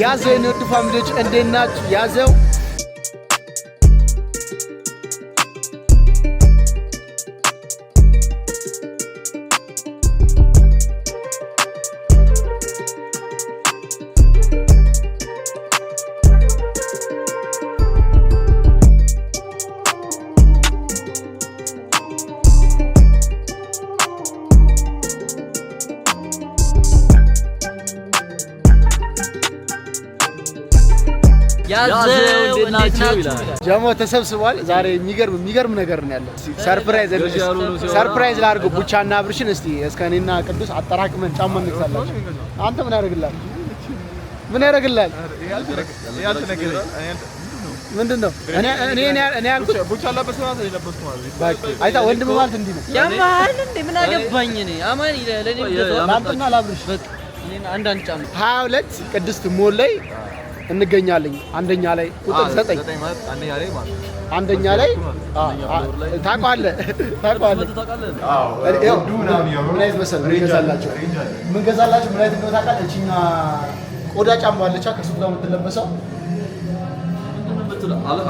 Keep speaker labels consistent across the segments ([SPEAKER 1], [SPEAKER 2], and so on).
[SPEAKER 1] ያዘ የነድፋም ልጅ እንዴት ናችሁ? ያዘው ናችሁ ይላል። ጀሞ ተሰብስቧል። ዛሬ የሚገርም የሚገርም ነገር ነው ያለ። ሰርፕራይዝ ሰርፕራይዝ ላድርገው። ቡቻና ብርሽን እስቲ እስከ እኔና ቅዱስ አጠራቅመን ጫማ እንግዛላችሁ። አንተ ምን ያደርግላል? ምን ያደርግላል? ምንድን ነው እኔ አይታ ወንድም ማለት እንዲህ ነው።
[SPEAKER 2] ያማል እንዴ ምን አገባኝ እኔ አማን ለኔ
[SPEAKER 1] ለአንተና ላብርሽ በቃ ጫማ ሀያ ሁለት ቅድስት ሞል ላይ እንገኛለኝ አንደኛ ላይ ቁጥር ዘጠኝ አንደኛ ላይ ታውቀዋለህ፣ ታውቀዋለህ። ምን አይነት ምን አይነት ታውቃለህ? እችኛ ቆዳ ጫማ አለቻ ከሱ ጋር የምትለበሰው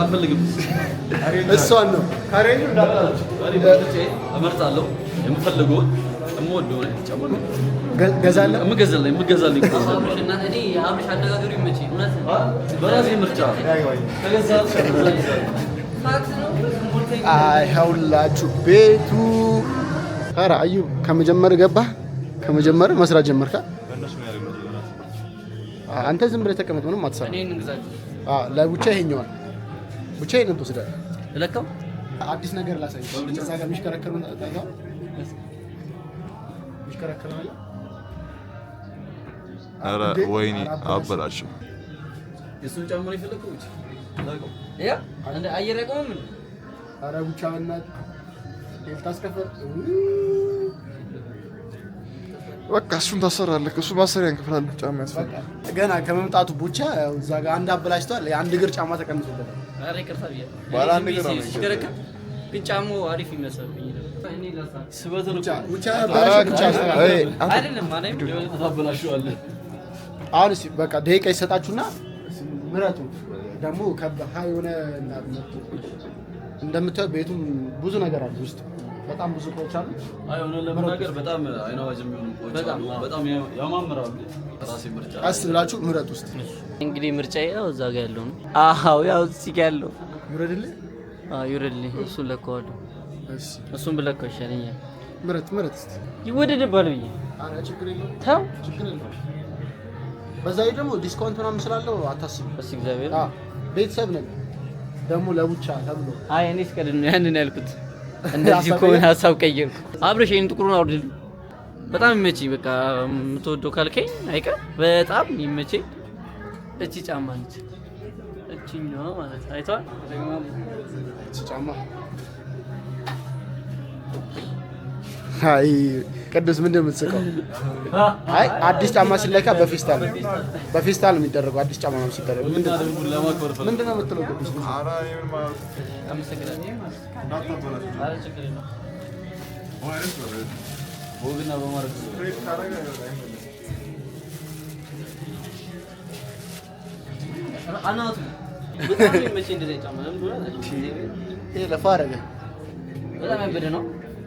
[SPEAKER 1] አልፈልግም እሷን
[SPEAKER 3] ነው። የምወደው
[SPEAKER 1] ቤቱ ኧረ አዩ ከመጀመር ገባ ከመጀመር መስራት ጀመርካ። አንተ ዝም ብለህ ተቀመጥ፣ ምንም አትሰራ። ለብቻ ይሄኛዋል ብቻ ይሄንን ትወስዳለህ። አዲስ ነገር ላሳይ። እዛ ጋር የሚሽከረከሩ
[SPEAKER 3] ትከራከራለ? ኧረ ወይኔ አበላሽው።
[SPEAKER 2] የእሱን ጫማ ነው የፈለከው? አየር ያቆመም
[SPEAKER 1] ኧረ ብቻ በእናትህ ልታስከፍል
[SPEAKER 3] በቃ እሱን ታሰራለህ። እሱ ማሰሪያ እንክፍላለን። ጫማ ያስፈልጋል።
[SPEAKER 1] ገና ከመምጣቱ ቡቻ እዛ ጋር አንድ አበላሽቷል። የአንድ እግር ጫማ ተቀምጦበታል።
[SPEAKER 3] ባለ አንድ እግር ነው
[SPEAKER 2] ግን ጫማው አሪፍ ይመስላል።
[SPEAKER 1] አሁን በቃ ደቂቃ ይሰጣችሁና ምረጡ። ደግሞ ከበሃ የሆነ እንደምታዩት ቤቱም ብዙ ነገር አለ ውስጥ በጣም ብዙ እቃዎች አሉ።
[SPEAKER 3] አይ ሆነ ለመናገር በጣም አይነ ዋጅ የሚሆኑ እቃዎች አሉ። በጣም ያማምራሉ። ራሴ ምርጫ
[SPEAKER 1] አስ ብላችሁ ምረጥ። ውስጥ
[SPEAKER 2] እንግዲህ ምርጫ ያው እዛ ጋር ያለው ነው። አዎ ያው እዚህ ጋር ያለው ይውረድልህ፣ ይውረድልህ። እሱን ለካዋለሁ እሱን ብለህ እኮ ይሻለኛል።
[SPEAKER 1] ምረት ምረት እስኪ
[SPEAKER 2] ይወደድባል ብዬ ተው።
[SPEAKER 1] በዛ ላይ ደግሞ ዲስካውንት ምናምን ስላለው አታስብ። እሺ፣ እግዚአብሔር ቤተሰብ ነን ደግሞ ለቡቻ ተብሎ
[SPEAKER 2] አይ፣ እኔ ነው ያንን ያልኩት እንደዚህ ከሆነ ሀሳብ ቀየርኩ። አብረሽ ይሄን ጥቁሩን አውርድልኝ። በጣም ይመቸኝ። በቃ የምትወደው ካልከኝ አይቀር በጣም ይመቸኝ። እቺ ጫማ ነች፣ እቺኛዋ ማለት አይተዋል።
[SPEAKER 1] እቺ ጫማ አይ ቅዱስ ምንድን የምትስቀው? አይ አዲስ ጫማ ሲለካ በፌስታል በፌስታል ነው የሚደረገው። አዲስ ጫማ ነው ሲደረግ ምንድን ነው የምትለው ቅዱስ? ለፋ አደረገ
[SPEAKER 2] በጣም ያበደ ነው።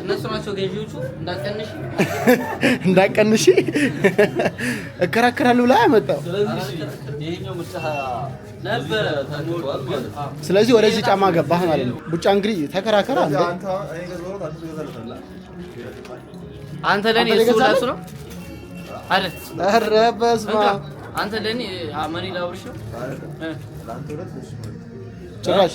[SPEAKER 2] እነሱ ናቸው ገዢዎቹ። እንዳቀንሽ
[SPEAKER 1] እንዳቀንሽ እከራከራለሁ ብላ ያመጣው። ስለዚህ ወደዚህ ጫማ ገባህ ማለት ነው። ቡጫ እንግዲህ ተከራከራ።
[SPEAKER 2] አንተ ለእኔ እሱ ለእሱ ነው አይደል?
[SPEAKER 1] ኧረ በስመ አብ
[SPEAKER 2] አንተ ለእኔ መኒ ላውርሽ
[SPEAKER 1] ጭራሽ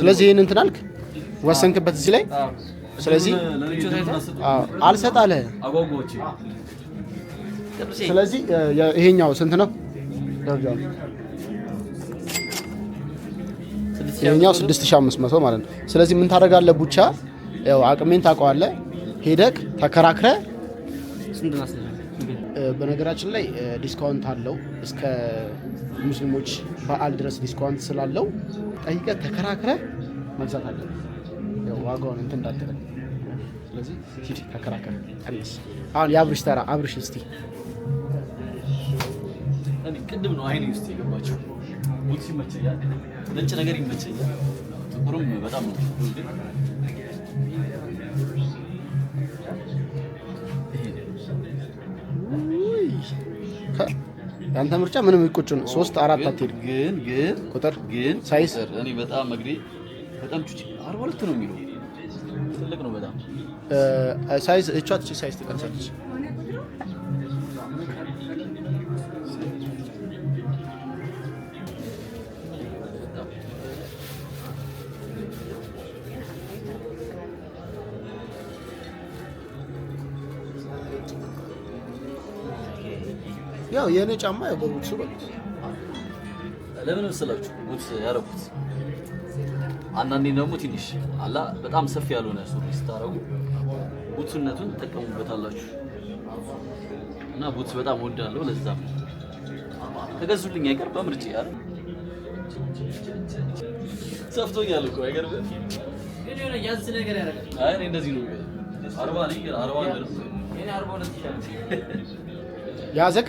[SPEAKER 1] ስለዚህ ይህን እንትን አልክ ወሰንክበት እዚህ ላይ ስለዚህ አልሰጣለ አለ። ስለዚህ ይሄኛው ስንት ነው? ይሄኛው 6500 ማለት ነው። ስለዚህ ምን ታደርጋለህ? ቡቻ ያው አቅሜን ታውቀዋለህ። ሄደክ ተከራክረ ስንት ነው በነገራችን ላይ ዲስካውንት አለው እስከ ሙስሊሞች በዓል ድረስ ዲስካውንት ስላለው ጠይቀ ተከራክረ መግዛት አለ። ዋጋውን እንትን እንዳትለ። ስለዚህ ሂድ ተከራከር፣ ቀንስ። አሁን የአብርሽ ተራ። አብርሽ እስቲ
[SPEAKER 3] ቅድም ነው አይኔ ውስጥ የገባቸው ነጭ ነገር ይመቸኛል፣ ጥቁርም በጣም ነው
[SPEAKER 1] ያንተ ምርጫ ምንም ይቆጭ ነው። ሶስት አራት አትሄድ፣
[SPEAKER 3] ግን ግን ቁጥር ግን ሳይስ እኔ በጣም መግሪ በጣም ቹቺ አርባ ሁለት ነው የሚለው ትልቅ ነው በጣም
[SPEAKER 1] ሳይዝ እቿ ሳይዝ ትቀንሳለች ያው የእኔ ጫማ ያው በቡትሱ በሉት።
[SPEAKER 3] ለምን መሰላችሁ ቡትስ ያደረኩት? አንዳንዴ ደግሞ ትንሽ አላ በጣም ሰፊ ያልሆነ ሱሪ ስታረጉ ቡትስነቱን ትጠቀሙበታላችሁ። እና ቡትስ በጣም ወዳለው ለዛ ተገዙልኝ አይቀር በምርጭ ያለ ሰፍቶኛል እኮ አይገርም። አይ እኔ እንደዚህ ነው አርባ ነኝ አርባ
[SPEAKER 1] ያዘክ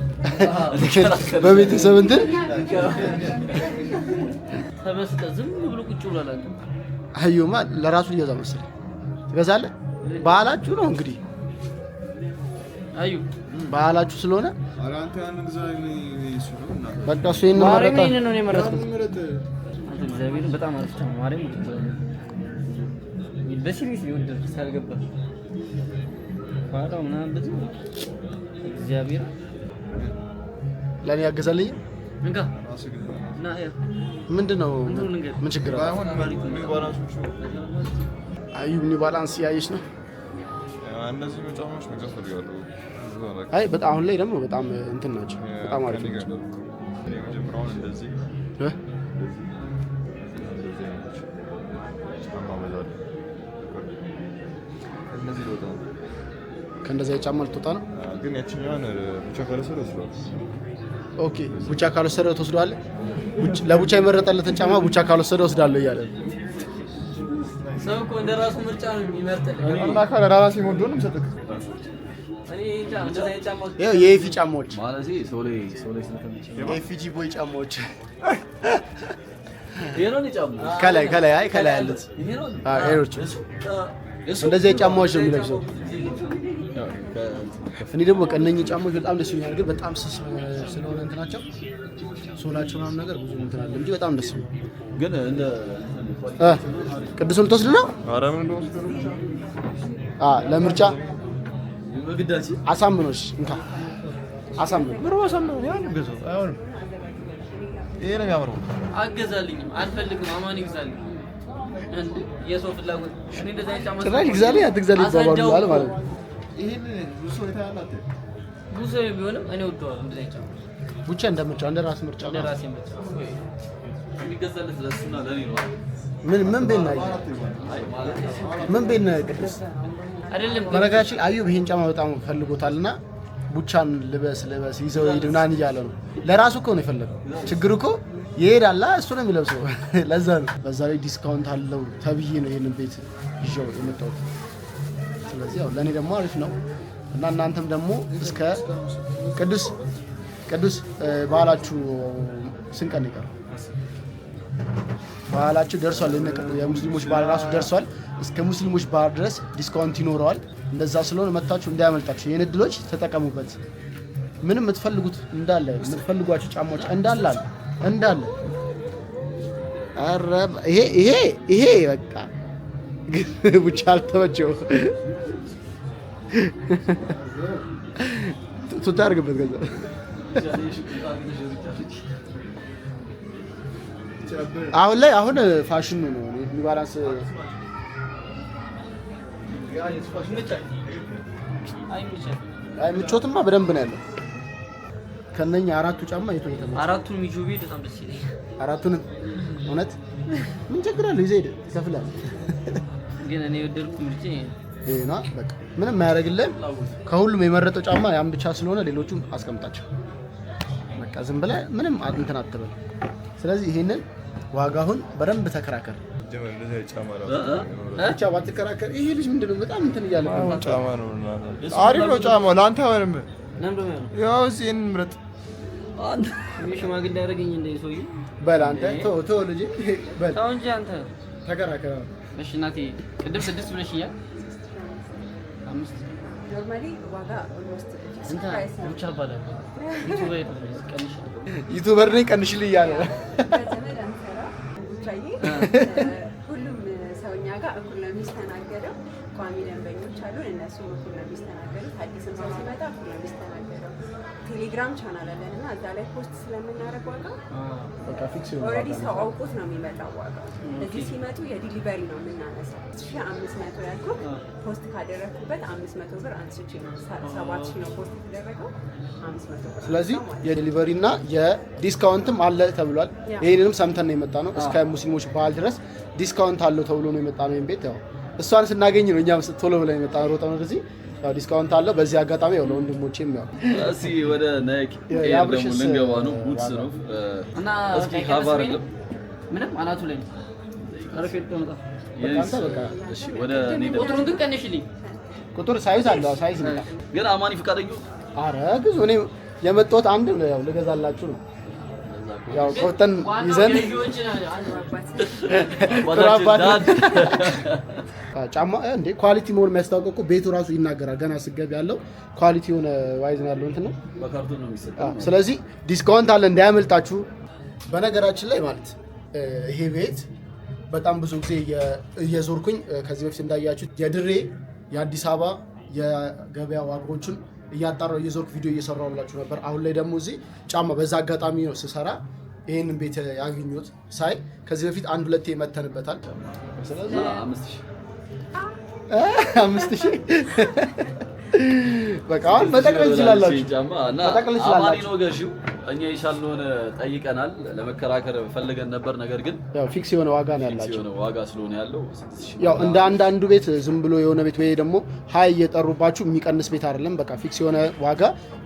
[SPEAKER 1] በቤተሰብ እንትን
[SPEAKER 2] ተመስጠ ዝም ብሎ ቁጭ ብሎ
[SPEAKER 1] ለራሱ ሊገዛ መሰለኝ ትገዛለ። ባህላችሁ ነው እንግዲህ አዩ ባህላችሁ ስለሆነ በቃ እሱ ይህን
[SPEAKER 2] ነው የመረጥኩት። በጣም ማርያም ሊወደድ ሳልገባ ምናምን ብዙ እግዚአብሔር
[SPEAKER 1] ለእኔ ያገዛልኝ ምንድን ነው? ምን ችግር አዩ? ኒው ባላንስ እያየች ነው። አይ በጣም አሁን ላይ ደግሞ በጣም እንትን ናቸው። በጣም አሪፍ ናቸው። ከእንደዚያ የጫማ ልትወጣ ነው
[SPEAKER 3] ግን ያችኛዋን ቡቻ ካለሰረ ወስዷል።
[SPEAKER 1] ኦኬ ቡቻ ካልወሰደ ትወስዷል። ለቡቻ የመረጠለትን ጫማ ቡቻ ካልወሰደ ወስዳለሁ እያለ ነው።
[SPEAKER 2] ሰው እኮ እንደ ራሱ ምርጫ ነው የሚመርጥልህ።
[SPEAKER 1] እና ካለ ራራ ወዶ ነው ሰጥክ የኤፊ ጫማዎች የኤፊጂ ቦይ ጫማዎች ከላይ ከላይ አይ ከላይ ያሉት እንደዚህ ጫማዎች ነው የሚለብሰው እኔ ደግሞ በቃ እነኚህ ጫማዎች በጣም ደስ ይለኛል፣ ግን በጣም ስስ ስለሆነ እንትናቸው ሶላቸው ምናምን ነገር ብዙ እንትን አለ እንጂ በጣም ደስ ግን እንደ ቅዱስ ልትወስድ ነው ለምርጫ አሳምኖች እንካ አሳምኖ ይሄ ነው የሚያምረው።
[SPEAKER 2] አገዛልኝም አልፈልግም። አማን ይግዛልኝ፣ የሰው ፍላጎት እኔ
[SPEAKER 1] እንደዛ አይነት ጫማ ትግዛልኝ አትግዛልኝ ይባባሉ
[SPEAKER 3] ማለት ነው ይሄን ብዙ ሰው የታያላት
[SPEAKER 2] ብዙ ቢሆንም እኔ ወደዋለሁ። እንደዚህ
[SPEAKER 1] አይቻልም። ብቻ እንደ ምርጫ እንደ ራስ ምርጫ ራስ ምርጫ
[SPEAKER 3] የሚገዛለት ነው።
[SPEAKER 1] ምን ምን ቤት ነው ምን ቤት ነው ቅዱስ አይደለም። በነገራችን አዩብ ይሄን ጫማ በጣም ፈልጎታልና ቡቻን ልበስ ልበስ ይዘው ሂድ ምናምን እያለ ነው። ለራሱ እኮ ነው የፈለገው። ችግሩ እኮ ይሄዳል፣ እሱ ነው የሚለብሰው። ለዛ ነው በዛ ላይ ዲስካውንት አለው ተብዬ ነው ይሄንን ቤት ይዤው የመጣሁት። ስለዚህ ያው ለእኔ ደግሞ አሪፍ ነው እና እናንተም ደግሞ እስከ ቅዱስ ቅዱስ በዓላችሁ ስንት ቀን ይቀር ባህላችሁ ደርሷል። የሙስሊሞች ባህል ራሱ ደርሷል። እስከ ሙስሊሞች ባህል ድረስ ዲስካውንት ይኖረዋል። እንደዛ ስለሆነ መታችሁ እንዳያመልጣችሁ። ይህን እድሎች ተጠቀሙበት። ምንም የምትፈልጉት እንዳለ የምትፈልጓቸው ጫማዎች እንዳለ እንዳለ ይሄ ይሄ ይሄ በቃ ብቻ አልተመቸው ቱታ አድርግበት ገዛ አሁን ላይ አሁን ፋሽኑ ነው ኒው ምቾትማ በደንብ ነው ያለው። ከነኛ አራቱ ጫማ የቱ
[SPEAKER 2] ነው? አራቱን ሚጁቢ በጣም ደስ ይለኛል።
[SPEAKER 1] አራቱን እውነት ምን ቸግራለሁ? ይዘህ ሄደህ ትከፍላለህ።
[SPEAKER 2] ግን እኔ የወደድኩት ምርጫ
[SPEAKER 1] ና በቃ ምንም ማያደርግልን። ከሁሉም የመረጠው ጫማ ያን ብቻ ስለሆነ ሌሎቹም አስቀምጣቸው። በቃ ዝም ብለህ ምንም እንትን አትበል። ስለዚህ ይሄንን ዋጋሁን በደንብ ተከራከር ነው አሪፍ ነው ጫማው ለአንተ ያው እዚህን ምረጥ
[SPEAKER 2] አንተ አንተ ተከራከር። እሺ እናቴ ቅድም ስድስት ብለሽኛል
[SPEAKER 1] ዩቱበር ነኝ ቀንሽልኝ እያለ ሁሉም ሰውኛ ጋር እኩል ነው የሚስተናገደው። ቋሚ ደንበኞች አሉን። እነሱ እኩል ነው የሚስተናገዱት። አዲስም ሰው ሲመጣ እኩል ነው የሚስተናገዱት። ቴሌግራም ቻናል አለን እና እዛ ላይ ፖስት ስለምናደርግ ዋጋ ኦልሬዲ ሰው አውቁት ነው የሚመጣው። ዋጋ እዚህ ሲመጡ የዲሊቨሪ ነው የምናነሳው። ሺ አምስት መቶ ያልኩት ፖስት ካደረግኩበት አምስት መቶ ብር አንስቼ ነው። ሰባት ሺ ነው ፖስት የተደረገው ስለዚህ የዲሊቨሪ እና የዲስካውንትም አለ ተብሏል። ይህንንም ሰምተን ነው የመጣ ነው። እስከ ሙስሊሞች በዓል ድረስ ዲስካውንት አለው ተብሎ ነው የመጣ ነው። ቤት ያው እሷን ስናገኝ ነው እኛም ቶሎ ብለን የመጣ ነው ሮጠ ነው ያው ዲስካውንት አለው። በዚህ አጋጣሚ ያው ለወንድሞቼም ያው
[SPEAKER 3] እስኪ ወደ ናይክ ደግሞ ልንገባ ነው። ቡትስ ነው
[SPEAKER 2] እና እስኪ ሀቫር ምንም አናቱ ላይ ቁጥሩን ግን
[SPEAKER 1] ቁጥር ሳይዝ አለው ሳይዝ ነው
[SPEAKER 3] ግን አማኒ ፈቃደኛ
[SPEAKER 1] አረ ግዙ። እኔ የመጣሁት አንድ ነው ልገዛላችሁ ነው። ያው ኮተን ይዘን ጫማ እንዴ ኳሊቲ መሆን የሚያስታውቀው እኮ ቤቱ ራሱ ይናገራል። ገና ስገብ ያለው ኳሊቲ የሆነ ዋይዝ ያለው እንትን ነው። ስለዚህ ዲስካውንት አለ እንዳያመልጣችሁ። በነገራችን ላይ ማለት ይሄ ቤት በጣም ብዙ ጊዜ እየዞርኩኝ ከዚህ በፊት እንዳያችሁት የድሬ የአዲስ አበባ የገበያ ዋጋዎችን እያጣራው እየዞርኩ ቪዲዮ እየሰራሁ ብላችሁ ነበር። አሁን ላይ ደግሞ እዚህ ጫማ በዛ አጋጣሚ ነው ስሰራ ይህንን ቤት ያገኙት ሳይ ከዚህ በፊት አንድ ሁለቴ መተንበታል። ስለዚህ አምስት ሺህ በቃ አሁን መጠቅለል
[SPEAKER 3] ይችላላችሁ። እኛ የቻልነውን ጠይቀናል። ለመከራከር ፈልገን ነበር፣ ነገር ግን
[SPEAKER 1] ያው ፊክስ የሆነ ዋጋ ነው
[SPEAKER 3] ያላቸው ዋጋ ስለሆነ ያለው
[SPEAKER 1] ያው እንደ አንዳንዱ ቤት ዝም ብሎ የሆነ ቤት ወይ ደግሞ ሀይ እየጠሩባችሁ የሚቀንስ ቤት አይደለም። በቃ ፊክስ የሆነ ዋጋ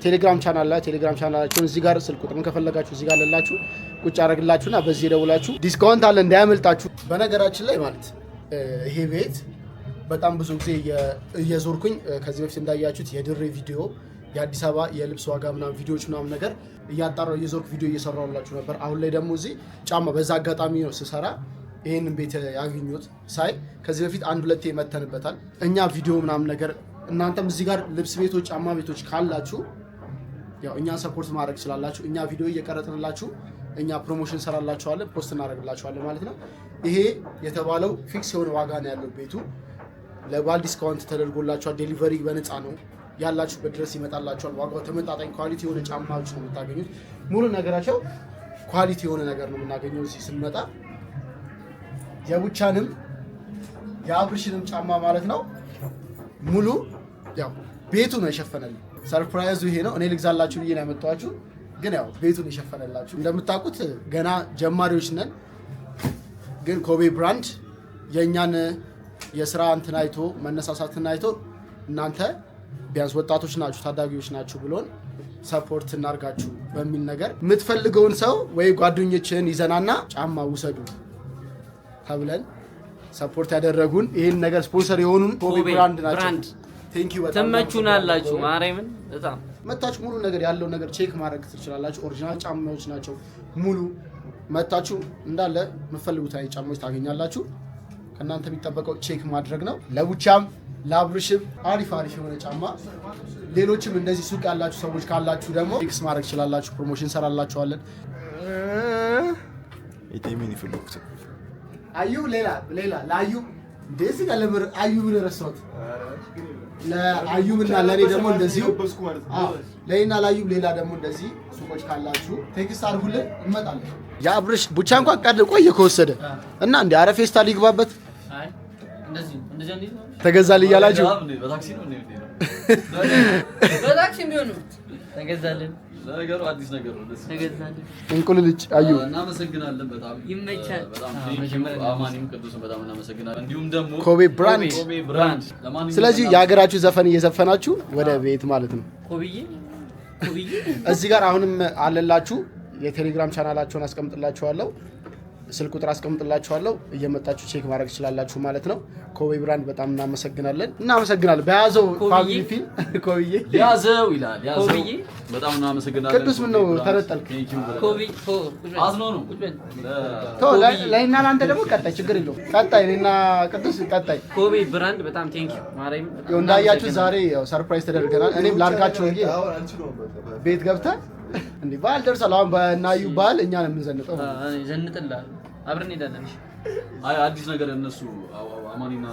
[SPEAKER 1] ቴሌግራም ቻናል ላይ ቴሌግራም ቻናላችሁን እዚህ ጋር ስልክ ቁጥሩን ከፈለጋችሁ እዚህ ጋር ልላችሁ ቁጭ አደረግላችሁና በዚህ ደውላችሁ ዲስካውንት አለ እንዳያመልጣችሁ። በነገራችን ላይ ማለት ይሄ ቤት በጣም ብዙ ጊዜ እየዞርኩኝ ከዚህ በፊት እንዳያችሁት የድሬ ቪዲዮ የአዲስ አበባ የልብስ ዋጋ ምናምን ቪዲዮዎች ምናምን ነገር እያጣራሁ እየዞርኩ ቪዲዮ እየሰራሁላችሁ ነበር። አሁን ላይ ደግሞ እዚህ ጫማ በዛ አጋጣሚ ነው ስሰራ ይህንን ቤት ያገኙት ሳይ ከዚህ በፊት አንድ ሁለቴ መተንበታል። እኛ ቪዲዮ ምናምን ነገር እናንተም እዚህ ጋር ልብስ ቤቶች፣ ጫማ ቤቶች ካላችሁ ያው እኛን ሰፖርት ማድረግ ይችላላችሁ። እኛ ቪዲዮ እየቀረጥንላችሁ እኛ ፕሮሞሽን ሰራላችኋለን፣ ፖስት እናደርግላችኋለን ማለት ነው። ይሄ የተባለው ፊክስ የሆነ ዋጋ ነው ያለው ቤቱ ለባል ዲስካውንት ተደርጎላቸዋል። ዴሊቨሪ በነፃ ነው፣ ያላችሁበት ድረስ ይመጣላቸዋል። ዋጋው ተመጣጣኝ ኳሊቲ የሆነ ጫማዎች ነው የምታገኙት። ሙሉ ነገራቸው ኳሊቲ የሆነ ነገር ነው የምናገኘው። እዚህ ስንመጣ የቡቻንም የአብርሽንም ጫማ ማለት ነው ሙሉ ያው ቤቱ ነው የሸፈነልን። ሰርፕራይዙ ይሄ ነው። እኔ ልግዛላችሁ ብዬ ነው ያመጣኋችሁ፣ ግን ያው ቤቱን የሸፈነላችሁ። እንደምታውቁት ገና ጀማሪዎች ነን፣ ግን ኮቤ ብራንድ የእኛን የስራ እንትን አይቶ መነሳሳትን አይቶ እናንተ ቢያንስ ወጣቶች ናችሁ፣ ታዳጊዎች ናችሁ ብሎን ሰፖርት እናርጋችሁ በሚል ነገር የምትፈልገውን ሰው ወይ ጓደኞችን ይዘናና ጫማ ውሰዱ ተብለን ሰፖርት ያደረጉን ይህን ነገር ስፖንሰር የሆኑን ብራንድ ናቸው።
[SPEAKER 2] ትመቹናላችሁ። ማርያምን በጣም
[SPEAKER 1] መታችሁ ሙሉ ነገር ያለው ነገር ቼክ ማድረግ ትችላላችሁ። ኦሪጂናል ጫማዎች ናቸው። ሙሉ መታችሁ እንዳለ የምትፈልጉት አይነት ጫማዎች ታገኛላችሁ። ከእናንተ የሚጠበቀው ቼክ ማድረግ ነው። ለቡቻም ለአብሩሽም አሪፍ አሪፍ የሆነ ጫማ፣ ሌሎችም እንደዚህ ሱቅ ያላችሁ ሰዎች ካላችሁ ደግሞ ክስ ማድረግ ትችላላችሁ። ፕሮሞሽን እንሰራላችኋለን። አዩ ሌላ ሌላ ለአዩ እንደዚህ ለምር አዩ ምን ረሳሁት? ለአዩብና ለእኔ ደግሞ እንደዚሁ ለእኔና ለአዩብ ሌላ ደግሞ እንደዚህ ሱቆች ካላችሁ ቴክስት አድርጉልን፣ እንመጣለን። የአብርሽ ቡቻ እንኳን ቀድ ቆየ ከወሰደ እና እንዲ አረ ፌስታ ሊግባበት ተገዛልህ እያላችሁ እንቁልልጭ አዩ እናመሰግናለን። በጣም ይመቻል። ኮቤ ብራንድ። ስለዚህ የሀገራችሁ ዘፈን እየዘፈናችሁ ወደ ቤት ማለት ነው። እዚህ ጋር አሁንም አለላችሁ። የቴሌግራም ቻናላቸውን አስቀምጥላችኋለሁ። ስልክ ቁጥር አስቀምጥላችኋለሁ እየመጣችሁ ቼክ ማድረግ ትችላላችሁ ማለት ነው። ኮቤ ብራንድ በጣም እናመሰግናለን፣ እናመሰግናለን። በያዘው ፋሚሊ ኮብዬ
[SPEAKER 3] ያዘው ይላል። ኮብዬ በጣም እናመሰግናለን።
[SPEAKER 1] ቅዱስ ምን ነው ተነጠልክ? አዝኖ ነው ለእኔና ለአንተ ደግሞ ቀጣይ ችግር የለውም። ቀጣይ እኔና ቅዱስ ቀጣይ
[SPEAKER 2] ኮቤ ብራንድ በጣም ቴንኪው ማርያም።
[SPEAKER 1] እንዳያችሁ ዛሬ ሰርፕራይዝ ተደርገናል። እኔም ላድርጋችሁ ቤት ገብተህ እንዲህ በዓል ደርሷል። አሁን በናዩ በዓል እኛ ነው የምንዘንጠው።
[SPEAKER 2] አብረን እንሄዳለን።
[SPEAKER 3] አይ አዲስ ነገር እነሱ አማኒና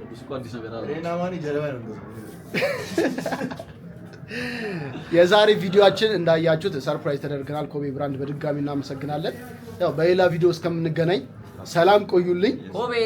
[SPEAKER 3] ቅዱስ እኮ አዲስ ነገር
[SPEAKER 1] አለ። እኔና አማኒ ጀለባ ነው። የዛሬ ቪዲዮአችን እንዳያችሁት ሰርፕራይዝ ተደርገናል። ኮቢ ብራንድ በድጋሚ እናመሰግናለን። ያው በሌላ ቪዲዮ እስከምንገናኝ ሰላም ቆዩልኝ። ኮቤ